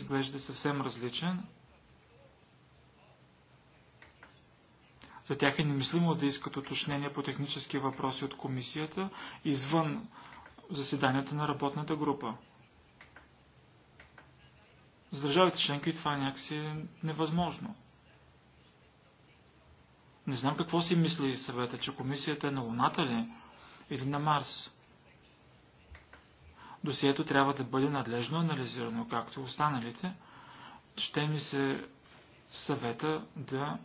изглежда съвсем различен. За тях е немислимо да искат уточнения по технически въпроси от комисията извън заседанията на работната група. За държавите членки това е някакси невъзможно. Не знам какво си мисли съвета, че комисията е на Луната ли е или на Марс досието трябва да бъде надлежно анализирано, както останалите. Ще ми се съвета да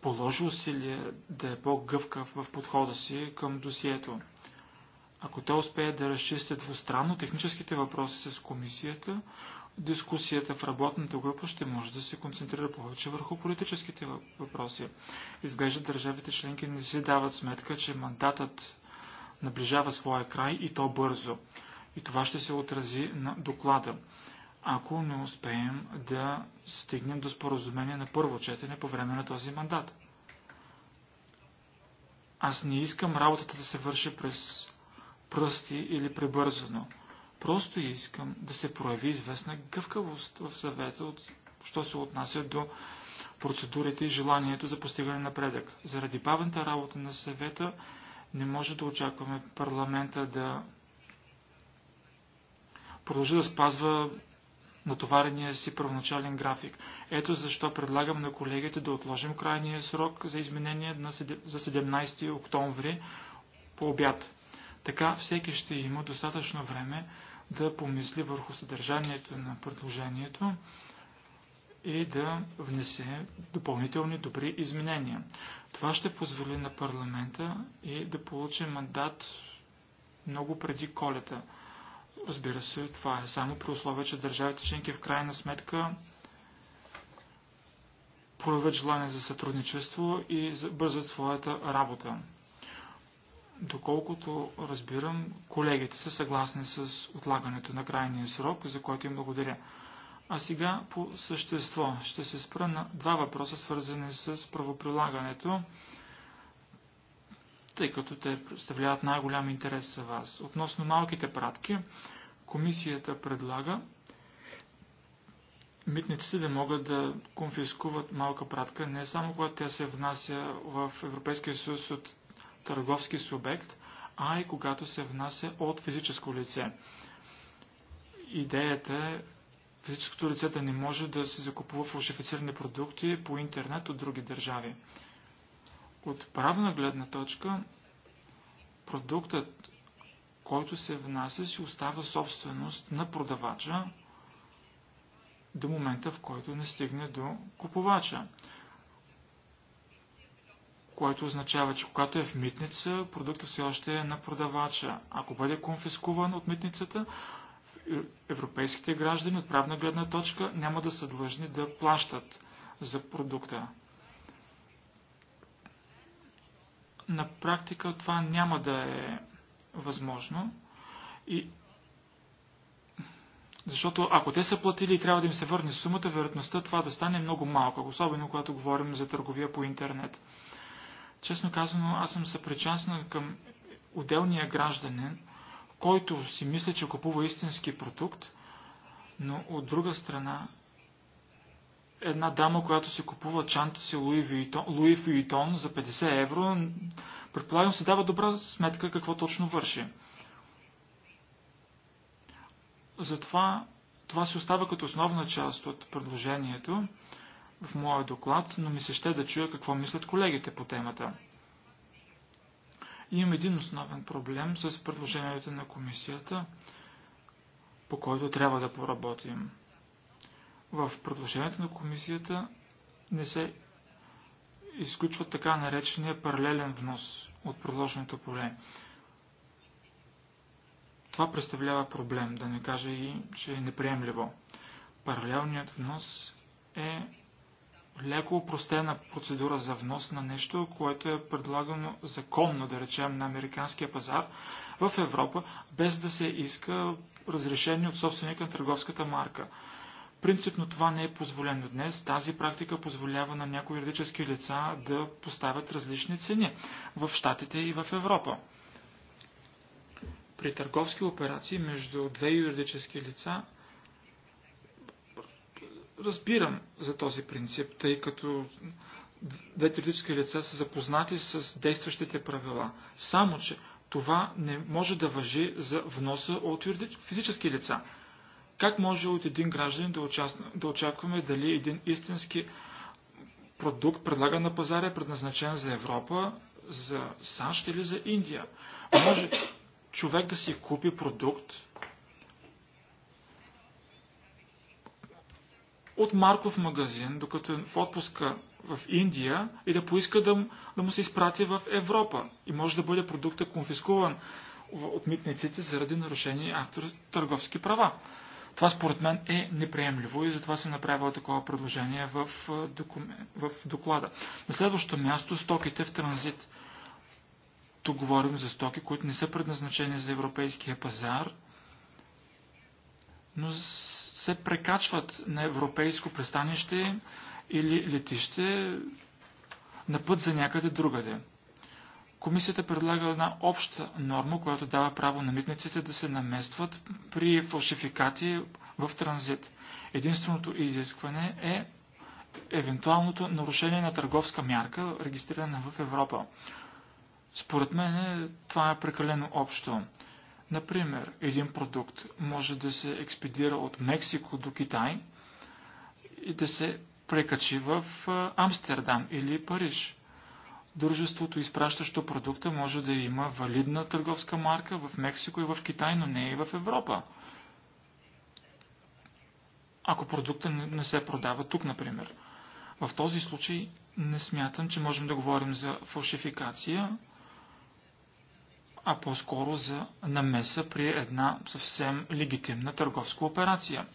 положи усилия да е по-гъвкав в подхода си към досието. Ако те успеят да разчистят двустранно техническите въпроси с комисията, дискусията в работната група ще може да се концентрира повече върху политическите въпроси. Изглежда държавите членки не си дават сметка, че мандатът наближава своя край и то бързо. И това ще се отрази на доклада. Ако не успеем да стигнем до споразумение на първо четене по време на този мандат. Аз не искам работата да се върши през пръсти или прибързано. Просто искам да се прояви известна гъвкавост в съвета, от, що се отнася до процедурите и желанието за постигане напредък. Заради бавната работа на съвета не може да очакваме парламента да продължи да спазва натоварения си първоначален график. Ето защо предлагам на колегите да отложим крайния срок за изменение за 17 октомври по обяд. Така всеки ще има достатъчно време да помисли върху съдържанието на предложението и да внесе допълнителни добри изменения. Това ще позволи на парламента и да получи мандат много преди колета. Разбира се, това е само при условие, че държавите членки в крайна сметка проявят желание за сътрудничество и бързат своята работа. Доколкото разбирам, колегите са съгласни с отлагането на крайния срок, за който им благодаря. А сега по същество ще се спра на два въпроса, свързани с правоприлагането, тъй като те представляват най-голям интерес за вас. Относно малките пратки, комисията предлага митниците да могат да конфискуват малка пратка не само когато тя се внася в Европейския съюз от търговски субект, а и когато се внася от физическо лице. Идеята е физическото лице да не може да се закупува фалшифицирани продукти по интернет от други държави. От правна гледна точка, продуктът, който се внася, си остава собственост на продавача до момента, в който не стигне до купувача. Което означава, че когато е в митница, продуктът все още е на продавача. Ако бъде конфискуван от митницата, европейските граждани от правна гледна точка няма да са длъжни да плащат за продукта. На практика това няма да е възможно. И... Защото ако те са платили и трябва да им се върне сумата, вероятността това да стане е много малка, особено когато говорим за търговия по интернет. Честно казано, аз съм съпричастен към отделния гражданин, който си мисли, че купува истински продукт, но от друга страна една дама, която си купува чанта си Луи Вуитон за 50 евро, предполагам се дава добра сметка какво точно върши. Затова това се остава като основна част от предложението в моя доклад, но ми се ще да чуя какво мислят колегите по темата. Имам един основен проблем с предложението на комисията, по който трябва да поработим. В предложението на комисията не се изключва така наречения паралелен внос от предложеното поле. Това представлява проблем, да не кажа и, че е неприемливо. Паралелният внос е леко упростена процедура за внос на нещо, което е предлагано законно, да речем, на американския пазар в Европа, без да се иска разрешение от собственика на търговската марка. Принципно това не е позволено днес. Тази практика позволява на някои юридически лица да поставят различни цени в Штатите и в Европа. При търговски операции между две юридически лица разбирам за този принцип, тъй като двете юридически лица са запознати с действащите правила. Само, че това не може да въжи за вноса от физически лица. Как може от един гражданин да, участва, да очакваме дали един истински продукт, предлаган на пазара, е предназначен за Европа, за САЩ или за Индия? Може човек да си купи продукт, от Марков магазин, докато е в отпуска в Индия и да поиска да, да му се изпрати в Европа. И може да бъде продукта конфискуван от митниците заради нарушение автор търговски права. Това според мен е неприемливо и затова съм направил такова предложение в, в доклада. На следващото място стоките в транзит. Тук говорим за стоки, които не са предназначени за европейския пазар – но се прекачват на европейско пристанище или летище на път за някъде другаде. Комисията предлага една обща норма, която дава право на митниците да се наместват при фалшификати в транзит. Единственото изискване е евентуалното нарушение на търговска мярка, регистрирана в Европа. Според мен това е прекалено общо. Например, един продукт може да се експедира от Мексико до Китай и да се прекачи в Амстердам или Париж. Дружеството, изпращащо продукта, може да има валидна търговска марка в Мексико и в Китай, но не и в Европа. Ако продукта не се продава тук, например. В този случай не смятам, че можем да говорим за фалшификация, а по-скоро за намеса при една съвсем легитимна търговска операция.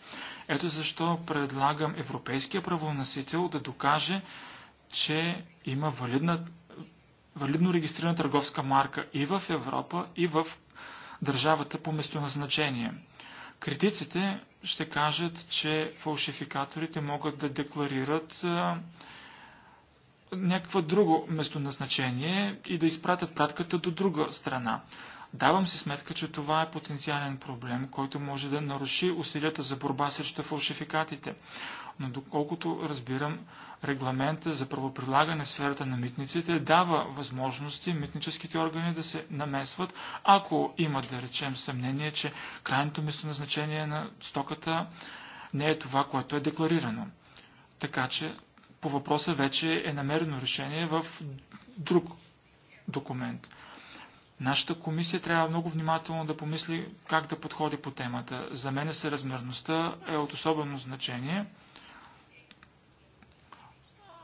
Ето защо предлагам европейския правоносител да докаже, че има валидна, валидно регистрирана търговска марка и в Европа, и в държавата по местоназначение. Критиците ще кажат, че фалшификаторите могат да декларират някакво друго местоназначение и да изпратят пратката до друга страна. Давам си сметка, че това е потенциален проблем, който може да наруши усилията за борба срещу фалшификатите. Но доколкото разбирам, регламента за правоприлагане в сферата на митниците дава възможности митническите органи да се намесват, ако има, да речем, съмнение, че крайното местоназначение на стоката не е това, което е декларирано. Така че по въпроса вече е намерено решение в друг документ. Нашата комисия трябва много внимателно да помисли как да подходи по темата. За мен е съразмерността е от особено значение.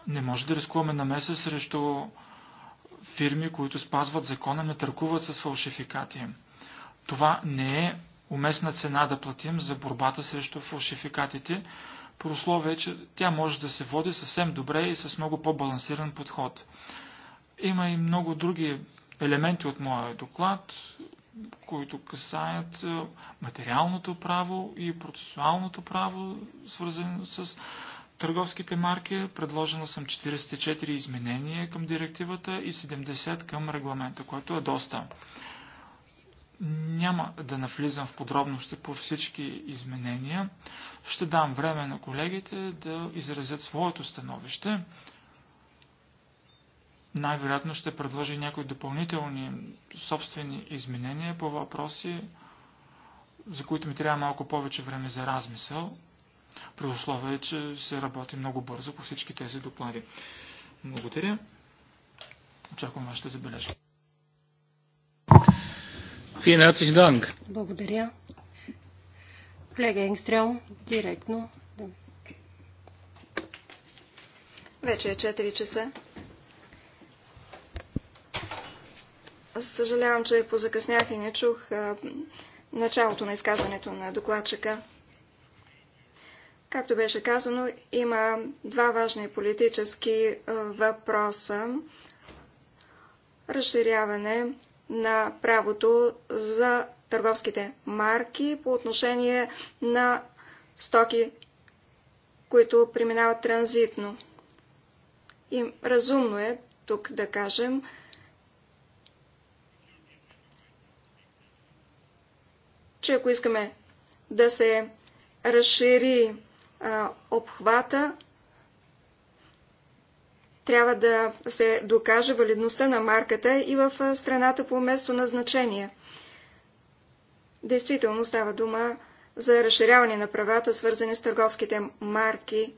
Не може да рискуваме намеса срещу фирми, които спазват закона, не търкуват с фалшификати. Това не е уместна цена да платим за борбата срещу фалшификатите прословие, е, че тя може да се води съвсем добре и с много по-балансиран подход. Има и много други елементи от моя доклад, които касаят е, материалното право и процесуалното право, свързано с търговските марки. Предложена съм 44 изменения към директивата и 70 към регламента, което е доста. Няма да навлизам в подробности по всички изменения. Ще дам време на колегите да изразят своето становище. Най-вероятно ще предложи някои допълнителни собствени изменения по въпроси, за които ми трябва малко повече време за размисъл, при условие, че се работи много бързо по всички тези доклади. Благодаря. Очаквам вашите забележки. Благодаря. Колега Енгстрел, директно. Вече е 4 часа. Съжалявам, че позакъснях и не чух началото на изказването на докладчика. Както беше казано, има два важни политически въпроса. Разширяване на правото за търговските марки по отношение на стоки, които преминават транзитно. И разумно е тук да кажем, че ако искаме да се разшири а, обхвата, трябва да се докаже валидността на марката и в страната по место назначение. Действително става дума за разширяване на правата, свързани с търговските марки.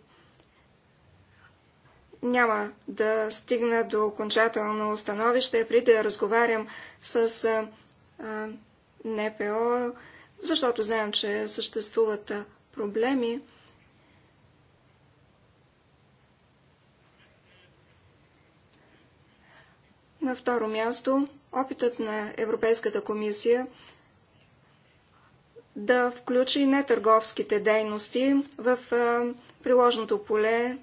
Няма да стигна до окончателно становище, преди да разговарям с а, а, НПО, защото знаем, че съществуват проблеми. На второ място, опитът на Европейската комисия да включи нетърговските дейности в приложното поле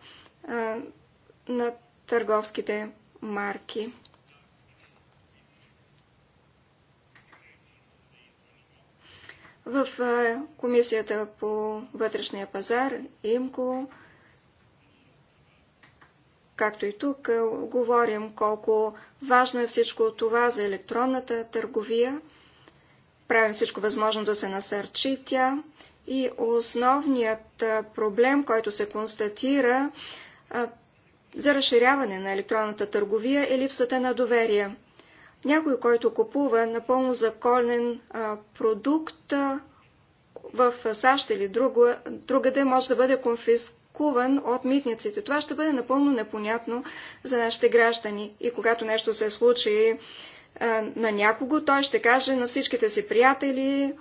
на търговските марки. В Комисията по вътрешния пазар, ИМКО, Както и тук е, говорим колко важно е всичко това за електронната търговия. Правим всичко възможно да се насърчи тя. И основният е, проблем, който се констатира е, за разширяване на електронната търговия е липсата на доверие. Някой, който купува напълно законен продукт в САЩ или друго, другаде, може да бъде конфиск изискуван от митниците. Това ще бъде напълно непонятно за нашите граждани. И когато нещо се случи е, на някого, той ще каже на всичките си приятели,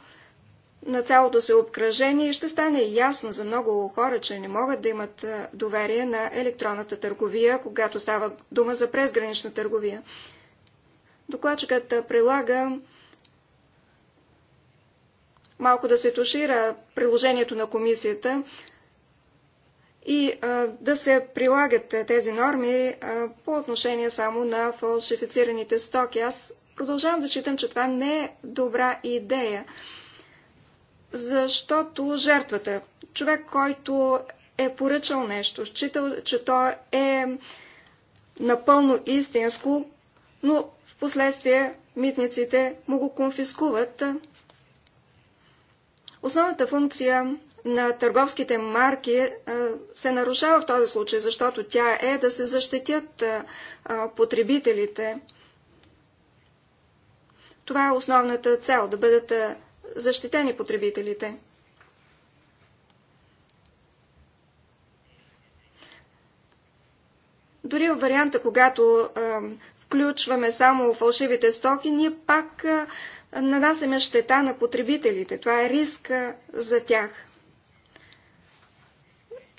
на цялото си обкръжение и ще стане ясно за много хора, че не могат да имат е, доверие на електронната търговия, когато става дума за презгранична търговия. Докладчикът прилага малко да се тушира приложението на комисията, и да се прилагат тези норми по отношение само на фалшифицираните стоки. Аз продължавам да читам, че това не е добра идея, защото жертвата, човек, който е поръчал нещо, считал, че то е напълно истинско, но в последствие митниците му го конфискуват. Основната функция на търговските марки е, се нарушава в този случай, защото тя е да се защитят е, е, потребителите. Това е основната цел, да бъдат защитени потребителите. Дори в варианта, когато включваме само фалшивите стоки, ние пак нанасяме щета на потребителите. Това е риск за тях.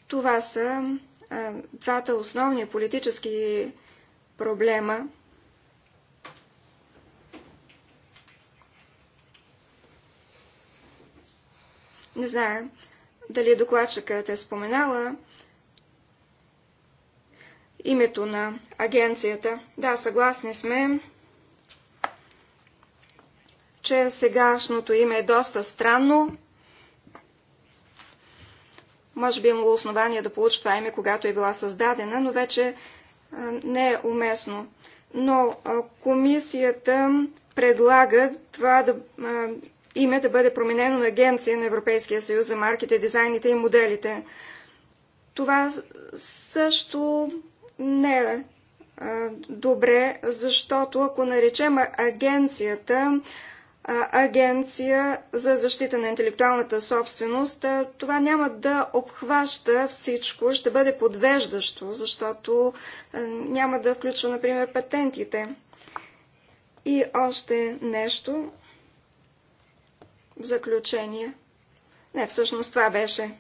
Това са а, двата основни политически проблема. Не знае дали докладчикът е споменала името на агенцията. Да, съгласни сме, че сегашното име е доста странно. Може би имало основание да получи това име, когато е била създадена, но вече не е уместно. Но комисията предлага това да, име да бъде променено на Агенция на Европейския съюз за марките, дизайните и моделите. Това също не е добре, защото ако наречем агенцията агенция за защита на интелектуалната собственост, това няма да обхваща всичко, ще бъде подвеждащо, защото няма да включва, например, патентите. И още нещо в заключение. Не, всъщност това беше.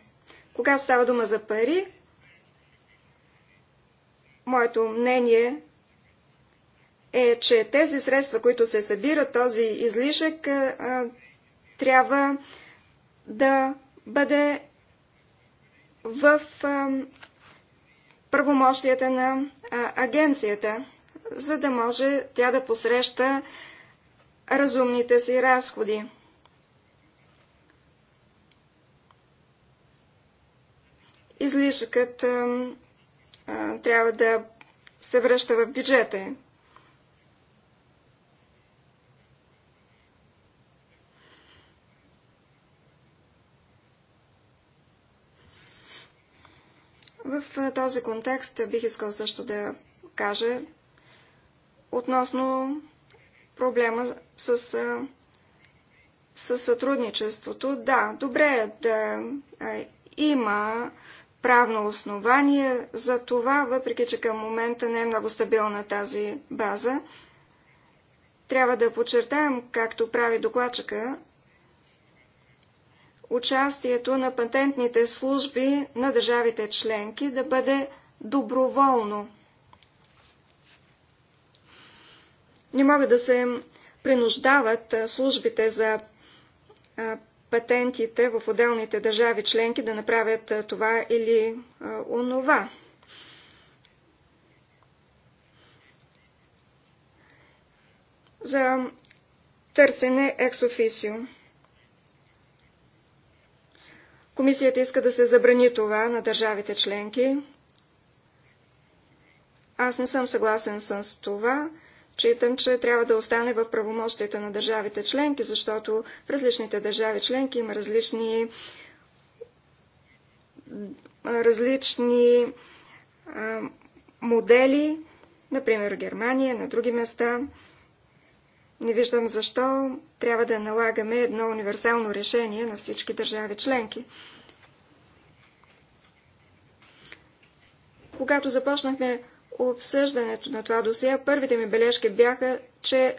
Когато става дума за пари, моето мнение е, че тези средства, които се събират, този излишък трябва да бъде в правомощията на агенцията, за да може тя да посреща разумните си разходи. Излишъкът трябва да се връща в бюджета В този контекст бих искал също да кажа относно проблема с, с сътрудничеството. Да, добре е да има правно основание за това, въпреки че към момента не е много стабилна тази база. Трябва да подчертаем, както прави докладчика, участието на патентните служби на държавите членки да бъде доброволно. Не могат да се принуждават службите за патентите в отделните държави членки да направят това или онова. За търсене екс Комисията иска да се забрани това на държавите членки. Аз не съм съгласен с това. Читам, че трябва да остане в правомощите на държавите членки, защото в различните държави членки има различни, различни а, модели, например Германия, на други места – не виждам защо трябва да налагаме едно универсално решение на всички държави членки. Когато започнахме обсъждането на това досия, първите ми бележки бяха, че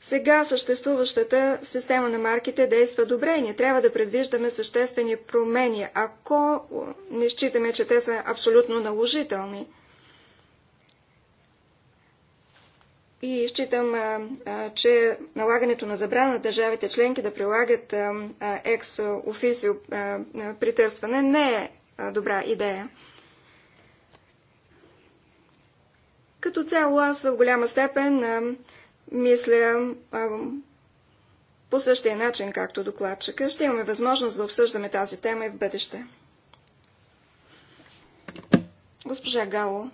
сега съществуващата система на марките действа добре и не трябва да предвиждаме съществени промени, ако не считаме, че те са абсолютно наложителни – И считам, че налагането на забрана на държавите членки да прилагат екс официо притърсване не е добра идея. Като цяло аз в голяма степен мисля по същия начин, както докладчика. Ще имаме възможност да обсъждаме тази тема и в бъдеще. Госпожа Гало.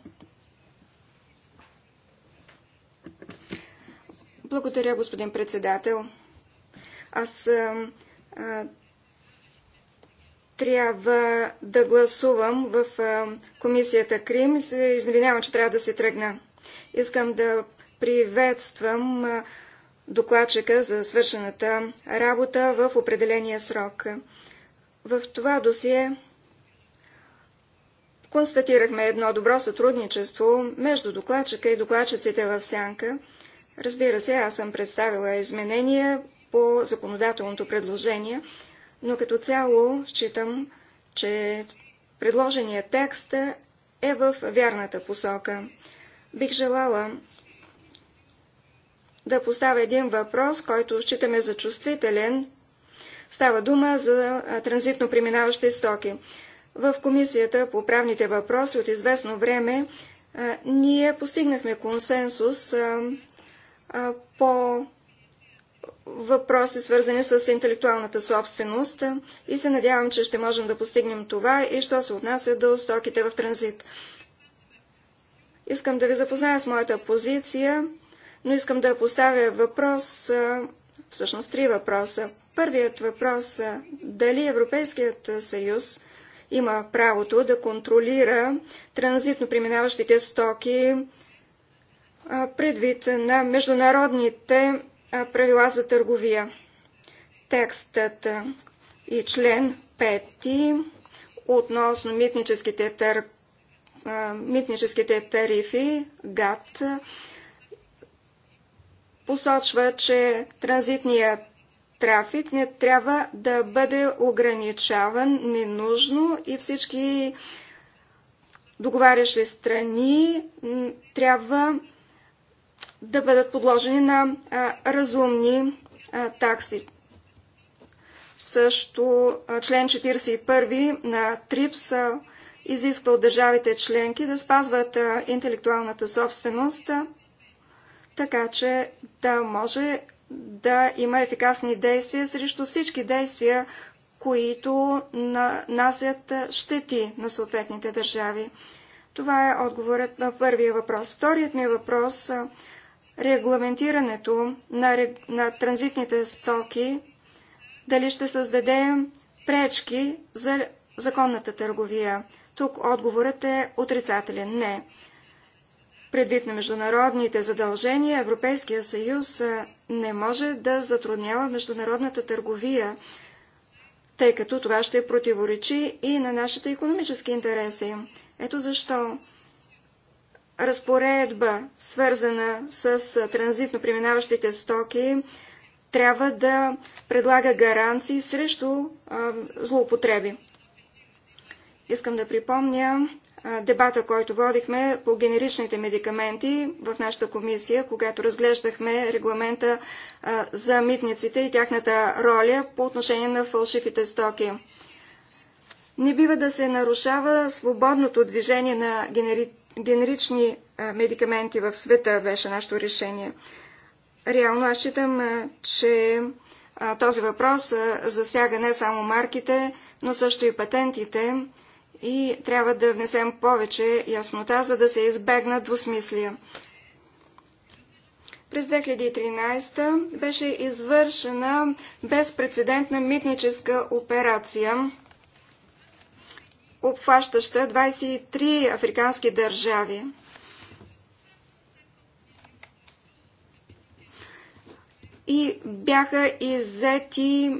Благодаря, господин председател. Аз а, а, трябва да гласувам в а, комисията Крим и се извинявам, че трябва да се тръгна. Искам да приветствам а, докладчика за свършената работа в определения срок. В това досие констатирахме едно добро сътрудничество между докладчика и докладчиците в Сянка – Разбира се, аз съм представила изменения по законодателното предложение, но като цяло считам, че предложения текст е в вярната посока. Бих желала да поставя един въпрос, който считаме за чувствителен. Става дума за транзитно преминаващи стоки. В Комисията по правните въпроси от известно време ние постигнахме консенсус по въпроси, свързани с интелектуалната собственост и се надявам, че ще можем да постигнем това и що се отнася до стоките в транзит. Искам да ви запозная с моята позиция, но искам да поставя въпрос, всъщност три въпроса. Първият въпрос е дали Европейският съюз има правото да контролира транзитно преминаващите стоки предвид на международните правила за търговия. Текстът и член 5 относно митническите, тър... митническите тарифи ГАТ посочва, че транзитният трафик не трябва да бъде ограничаван ненужно и всички договарящи страни трябва да бъдат подложени на разумни такси. Също член 41 на ТРИПС изисква от държавите членки да спазват интелектуалната собственост, така че да може да има ефикасни действия срещу всички действия, които нанасят щети на съответните държави. Това е отговорът на първия въпрос. Вторият ми въпрос регламентирането на, на транзитните стоки, дали ще създаде пречки за законната търговия. Тук отговорът е отрицателен. Не. Предвид на международните задължения, Европейския съюз не може да затруднява международната търговия, тъй като това ще противоречи и на нашите економически интереси. Ето защо разпоредба, свързана с транзитно преминаващите стоки, трябва да предлага гаранции срещу а, злоупотреби. Искам да припомня а, дебата, който водихме по генеричните медикаменти в нашата комисия, когато разглеждахме регламента а, за митниците и тяхната роля по отношение на фалшивите стоки. Не бива да се нарушава свободното движение на генеричните генерични е, медикаменти в света беше нашето решение. Реално аз считам, е, че е, този въпрос засяга не само марките, но също и патентите и трябва да внесем повече яснота, за да се избегнат двусмислия. През 2013 беше извършена безпредседентна митническа операция обхващаща 23 африкански държави. И бяха иззети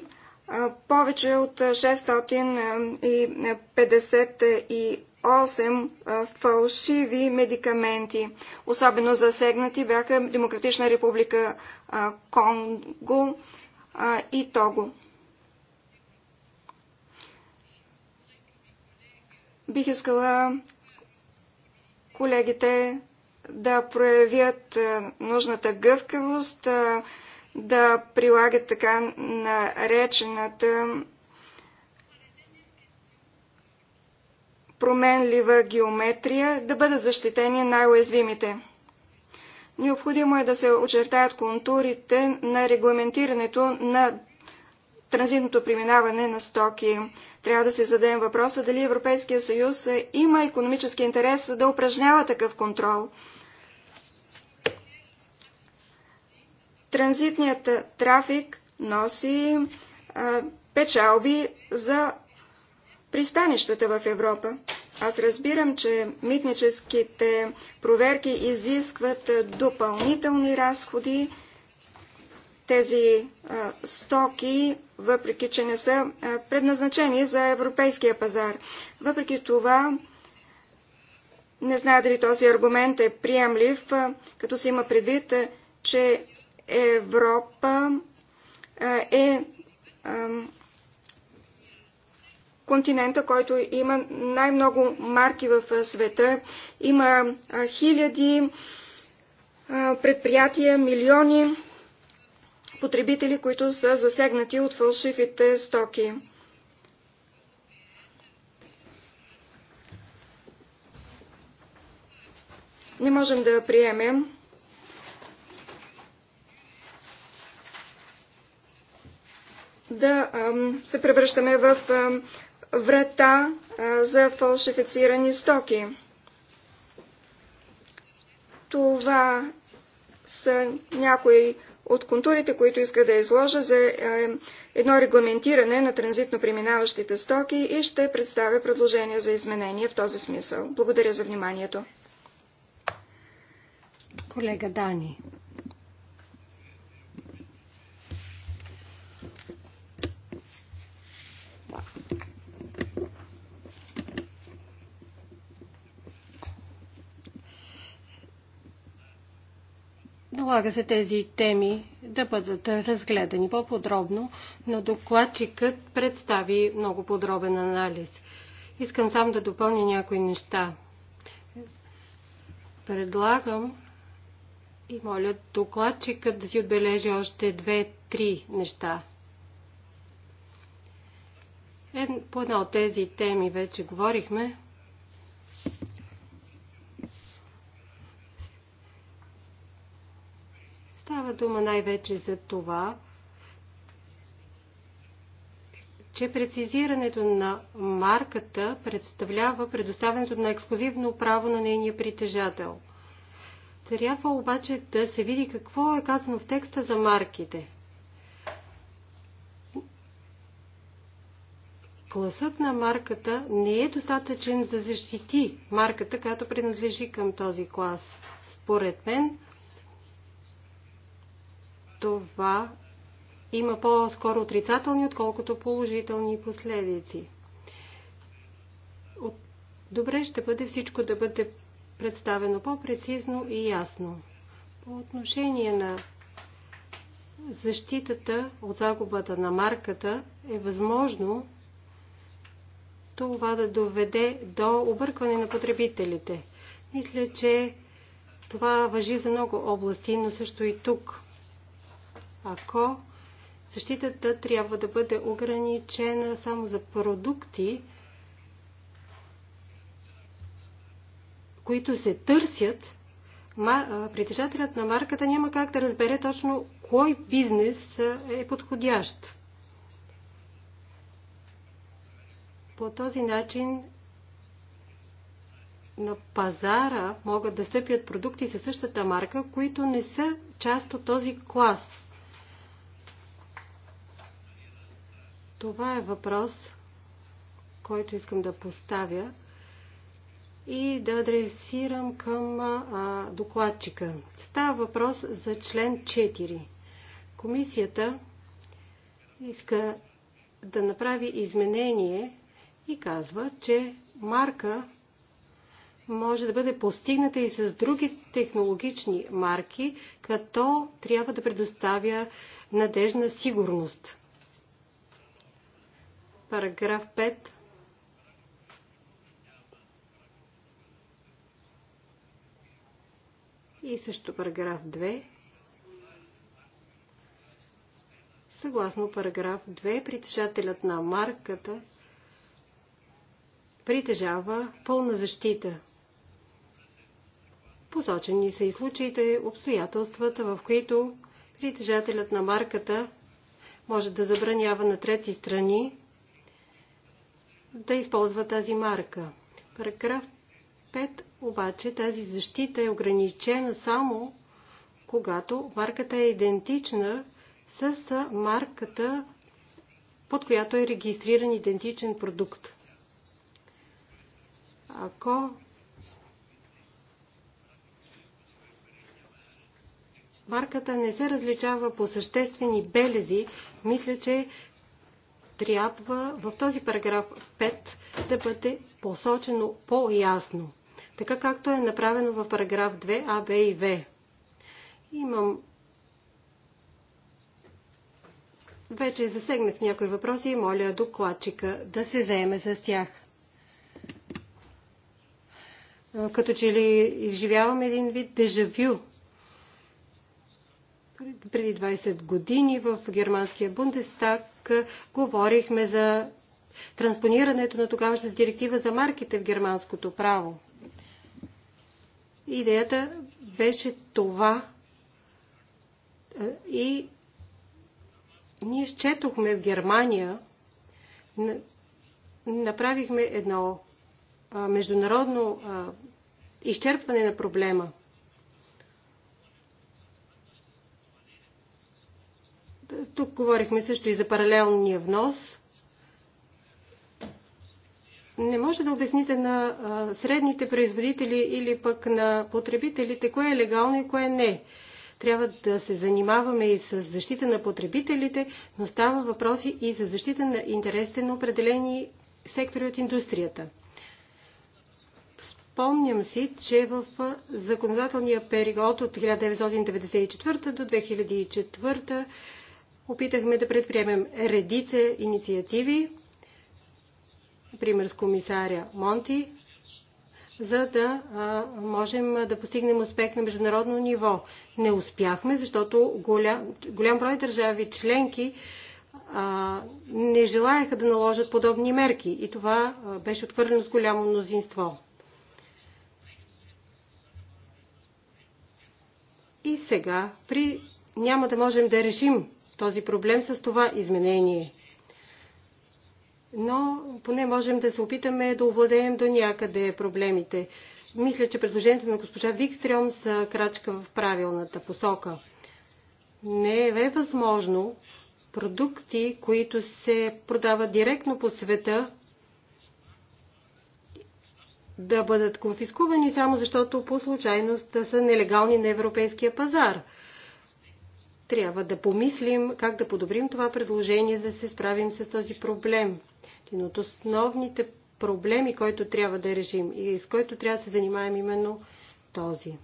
повече от 658 фалшиви медикаменти. Особено засегнати бяха Демократична република Конго и Того. Бих искала колегите да проявят е, нужната гъвкавост, е, да прилагат така наречената променлива геометрия, да бъдат защитени най-уязвимите. Необходимо е да се очертаят контурите на регламентирането на транзитното преминаване на стоки. Трябва да се зададем въпроса дали Европейския съюз има економически интерес да упражнява такъв контрол. Транзитният трафик носи а, печалби за пристанищата в Европа. Аз разбирам, че митническите проверки изискват допълнителни разходи, тези а, стоки, въпреки че не са а, предназначени за европейския пазар. Въпреки това, не зная дали този аргумент е приемлив, а, като се има предвид, а, че Европа а, е а, континента, който има най-много марки в света. Има а, хиляди а, предприятия, милиони потребители, които са засегнати от фалшивите стоки. Не можем да приемем да се превръщаме в врата за фалшифицирани стоки. Това са някои от контурите, които иска да изложа за е, едно регламентиране на транзитно преминаващите стоки и ще представя предложение за изменение в този смисъл. Благодаря за вниманието. Колега Дани. Налага се тези теми да бъдат разгледани по-подробно, но докладчикът представи много подробен анализ. Искам сам да допълня някои неща. Предлагам и моля докладчикът да си отбележи още две-три неща. Ед, по една от тези теми вече говорихме. дума най-вече за това, че прецизирането на марката представлява предоставянето на ексклюзивно право на нейния притежател. Трябва обаче да се види какво е казано в текста за марките. Класът на марката не е достатъчен за да защити марката, която принадлежи към този клас. Според мен, това има по-скоро отрицателни, отколкото положителни последици. От... Добре ще бъде всичко да бъде представено по-прецизно и ясно. По отношение на защитата от загубата на марката е възможно това да доведе до объркване на потребителите. Мисля, че това въжи за много области, но също и тук – ако защитата трябва да бъде ограничена само за продукти, които се търсят, притежателят на марката няма как да разбере точно кой бизнес е подходящ. По този начин на пазара могат да стъпят продукти със същата марка, които не са част от този клас. Това е въпрос, който искам да поставя и да адресирам към а, докладчика. Става въпрос за член 4. Комисията иска да направи изменение и казва, че марка може да бъде постигната и с други технологични марки, като трябва да предоставя надежна сигурност. Параграф 5. И също параграф 2. Съгласно параграф 2, притежателят на марката притежава пълна защита. Посочени са и случаите, обстоятелствата, в които притежателят на марката може да забранява на трети страни да използва тази марка. Параграф 5 обаче тази защита е ограничена само когато марката е идентична с марката, под която е регистриран идентичен продукт. Ако марката не се различава по съществени белези, мисля, че трябва в този параграф 5 да бъде посочено по-ясно, така както е направено в параграф 2 А, Б и В. Имам Вече засегнах някои въпроси и моля докладчика да се заеме с тях. Като че ли изживявам един вид дежавю преди 20 години в германския Бундестаг говорихме за транспонирането на тогавашната директива за марките в германското право. Идеята беше това и ние счетохме в Германия, направихме едно международно изчерпване на проблема – Тук говорихме също и за паралелния внос. Не може да обясните на средните производители или пък на потребителите кое е легално и кое не. Трябва да се занимаваме и с защита на потребителите, но става въпроси и за защита на интересите на определени сектори от индустрията. Спомням си, че в законодателния период от 1994 до 2004 опитахме да предприемем редица инициативи, например с комисаря Монти, за да а, можем да постигнем успех на международно ниво. Не успяхме, защото голям, голям брой държави членки а, не желаяха да наложат подобни мерки и това а, беше отвърлено с голямо мнозинство. И сега при... няма да можем да решим този проблем с това изменение. Но поне можем да се опитаме да овладеем до някъде проблемите. Мисля, че предложенията на госпожа Викстрем са крачка в правилната посока. Не е възможно продукти, които се продават директно по света, да бъдат конфискувани само защото по случайност са нелегални на европейския пазар – трябва да помислим как да подобрим това предложение, за да се справим с този проблем. Един от основните проблеми, който трябва да решим и с който трябва да се занимаем именно този.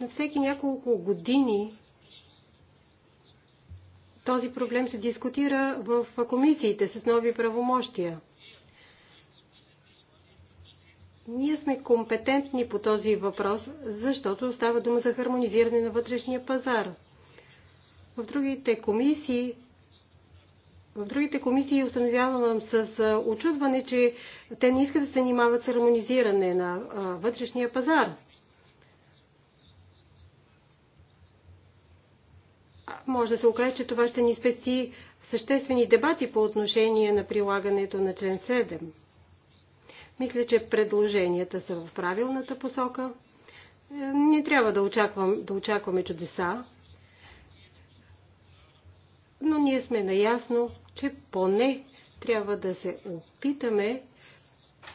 на всеки няколко години този проблем се дискутира в комисиите с нови правомощия. Ние сме компетентни по този въпрос, защото става дума за хармонизиране на вътрешния пазар. В другите комисии в другите комисии установявам с очудване, че те не искат да се занимават с хармонизиране на вътрешния пазар. Може да се окаже, че това ще ни спести съществени дебати по отношение на прилагането на член 7. Мисля, че предложенията са в правилната посока. Е, не трябва да, очаквам, да очакваме чудеса, но ние сме наясно, че поне трябва да се опитаме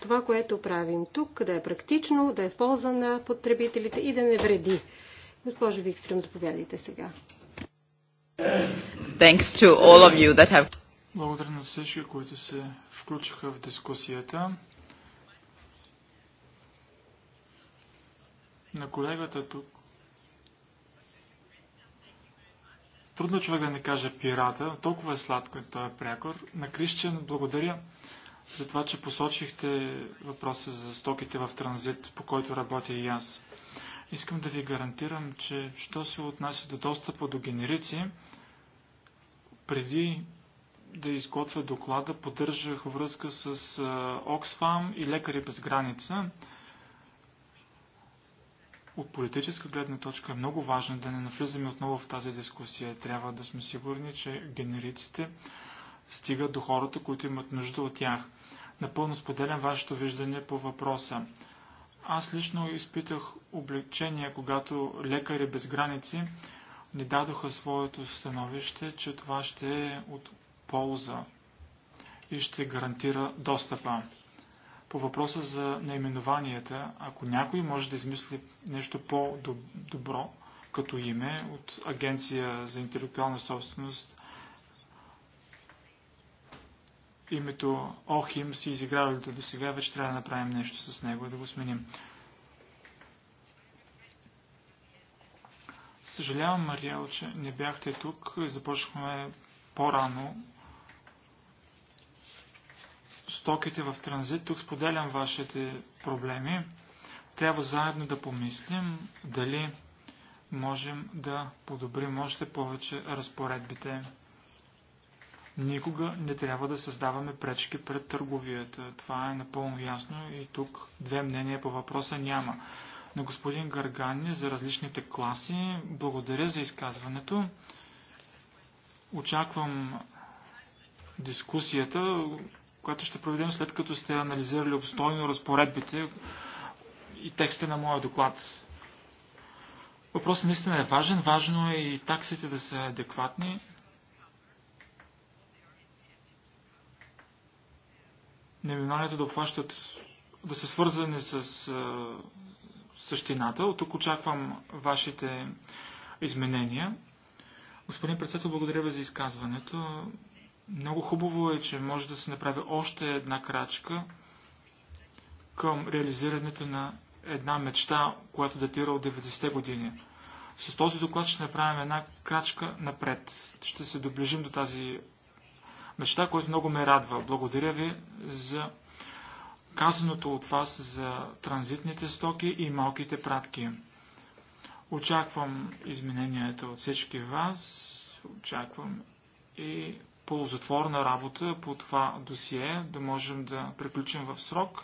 това, което правим тук, да е практично, да е в полза на потребителите и да не вреди. Госпожо Викстрим, заповядайте сега. Thanks to all of you that have... Благодаря на всички, които се включиха в дискусията. на колегата тук. Трудно човек да не каже пирата, но толкова е сладко и той е прякор. На Крищен благодаря за това, че посочихте въпроса за стоките в транзит, по който работя и аз. Искам да ви гарантирам, че що се отнася до достъпа до генерици, преди да изготвя доклада, поддържах връзка с Оксфам и Лекари без граница от политическа гледна точка е много важно да не навлизаме отново в тази дискусия. Трябва да сме сигурни, че генериците стигат до хората, които имат нужда от тях. Напълно споделям вашето виждане по въпроса. Аз лично изпитах облегчение, когато лекари без граници не дадоха своето становище, че това ще е от полза и ще гарантира достъпа по въпроса за наименованията, ако някой може да измисли нещо по-добро като име от Агенция за интелектуална собственост, името Охим си изиграли до сега, вече трябва да направим нещо с него и да го сменим. Съжалявам, Мариел, че не бяхте тук. Започнахме по-рано стоките в транзит. Тук споделям вашите проблеми. Трябва заедно да помислим дали можем да подобрим още повече разпоредбите. Никога не трябва да създаваме пречки пред търговията. Това е напълно ясно и тук две мнения по въпроса няма. На господин Гаргани за различните класи благодаря за изказването. Очаквам дискусията, която ще проведем след като сте анализирали обстойно разпоредбите и текста на моя доклад. Въпросът наистина е важен. Важно е и таксите да са адекватни. Наименованията да обхващат, да са свързани с същината. От тук очаквам вашите изменения. Господин председател, благодаря ви за изказването. Много хубаво е, че може да се направи още една крачка към реализирането на една мечта, която датира от 90-те години. С този доклад ще направим една крачка напред. Ще се доближим до тази мечта, която много ме радва. Благодаря ви за казаното от вас за транзитните стоки и малките пратки. Очаквам измененията от всички вас. Очаквам и ползотворна работа по това досие, да можем да приключим в срок.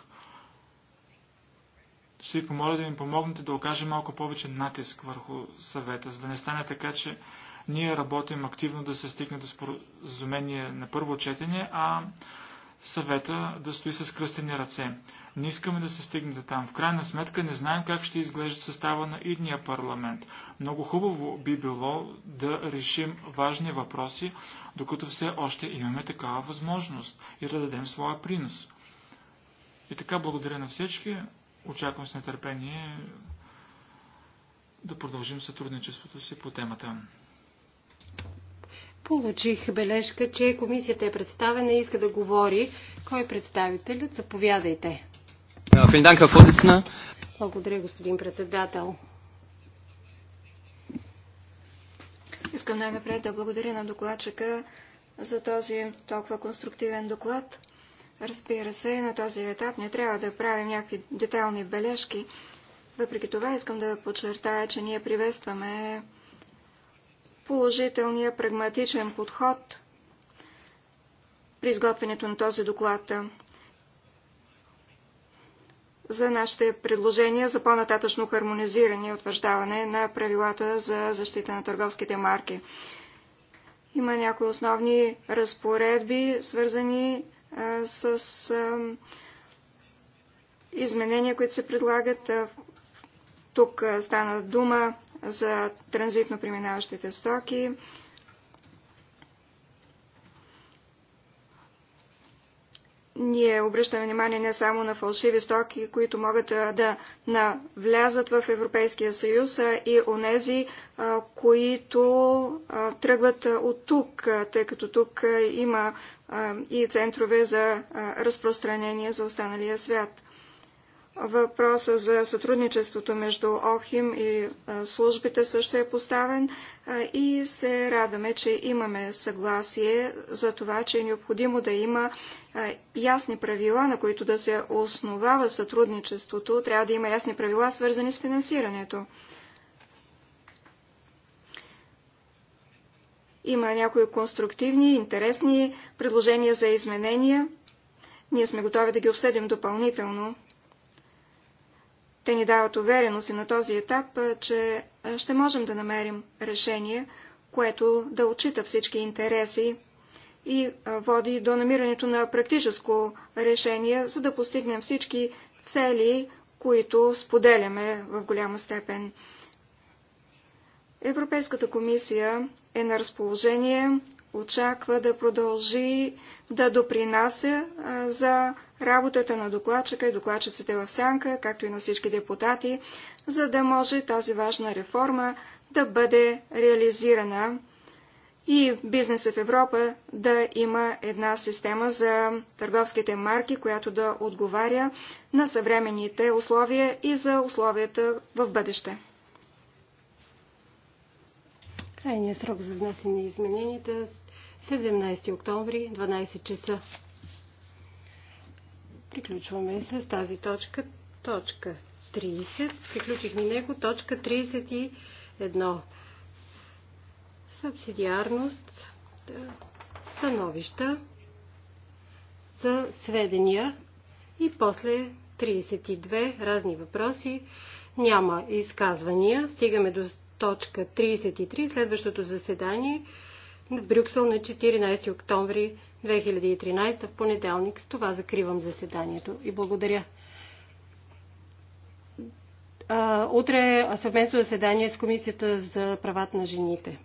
Ще ви помоля да ми помогнете да окажем малко повече натиск върху съвета, за да не стане така, че ние работим активно да се стигне до споразумение на първо четене, а съвета да стои с кръстени ръце. Не искаме да се стигне до там. В крайна сметка не знаем как ще изглежда състава на идния парламент. Много хубаво би било да решим важни въпроси, докато все още имаме такава възможност и да дадем своя принос. И така, благодаря на всички. Очаквам с нетърпение да продължим сътрудничеството си по темата. Получих бележка, че комисията е представена и иска да говори. Кой е представителят? Заповядайте. Благодаря, господин председател. Искам най-напред да благодаря на докладчика за този толкова конструктивен доклад. Разбира се, на този етап не трябва да правим някакви детайлни бележки. Въпреки това искам да подчертая, че ние приветстваме положителния прагматичен подход при изготвянето на този доклад за нашите предложения за по-нататъчно хармонизиране и утвърждаване на правилата за защита на търговските марки. Има някои основни разпоредби, свързани а, с а, изменения, които се предлагат. Тук стана дума за транзитно преминаващите стоки. Ние обръщаме внимание не само на фалшиви стоки, които могат да навлязат в Европейския съюз, а и онези, които тръгват от тук, тъй като тук има и центрове за разпространение за останалия свят. Въпроса за сътрудничеството между ОХИМ и службите също е поставен и се радваме, че имаме съгласие за това, че е необходимо да има ясни правила, на които да се основава сътрудничеството. Трябва да има ясни правила, свързани с финансирането. Има някои конструктивни, интересни предложения за изменения. Ние сме готови да ги обсъдим допълнително. Те ни дават увереност и на този етап, че ще можем да намерим решение, което да отчита всички интереси и води до намирането на практическо решение, за да постигнем всички цели, които споделяме в голяма степен. Европейската комисия е на разположение очаква да продължи да допринася за работата на докладчика и докладчиците в сянка, както и на всички депутати, за да може тази важна реформа да бъде реализирана и бизнесът в Европа да има една система за търговските марки, която да отговаря на съвременните условия и за условията в бъдеще. Крайният срок за внасяне измененията 17 е октомври, 12 часа. Приключваме с тази точка. Точка 30. Приключихме него. Точка 31. Субсидиарност. Становища за сведения. И после 32 разни въпроси. Няма изказвания. Стигаме до точка 33, следващото заседание в Брюксел на 14 октомври 2013 в понеделник. С това закривам заседанието и благодаря. Утре съвместно заседание с Комисията за правата на жените.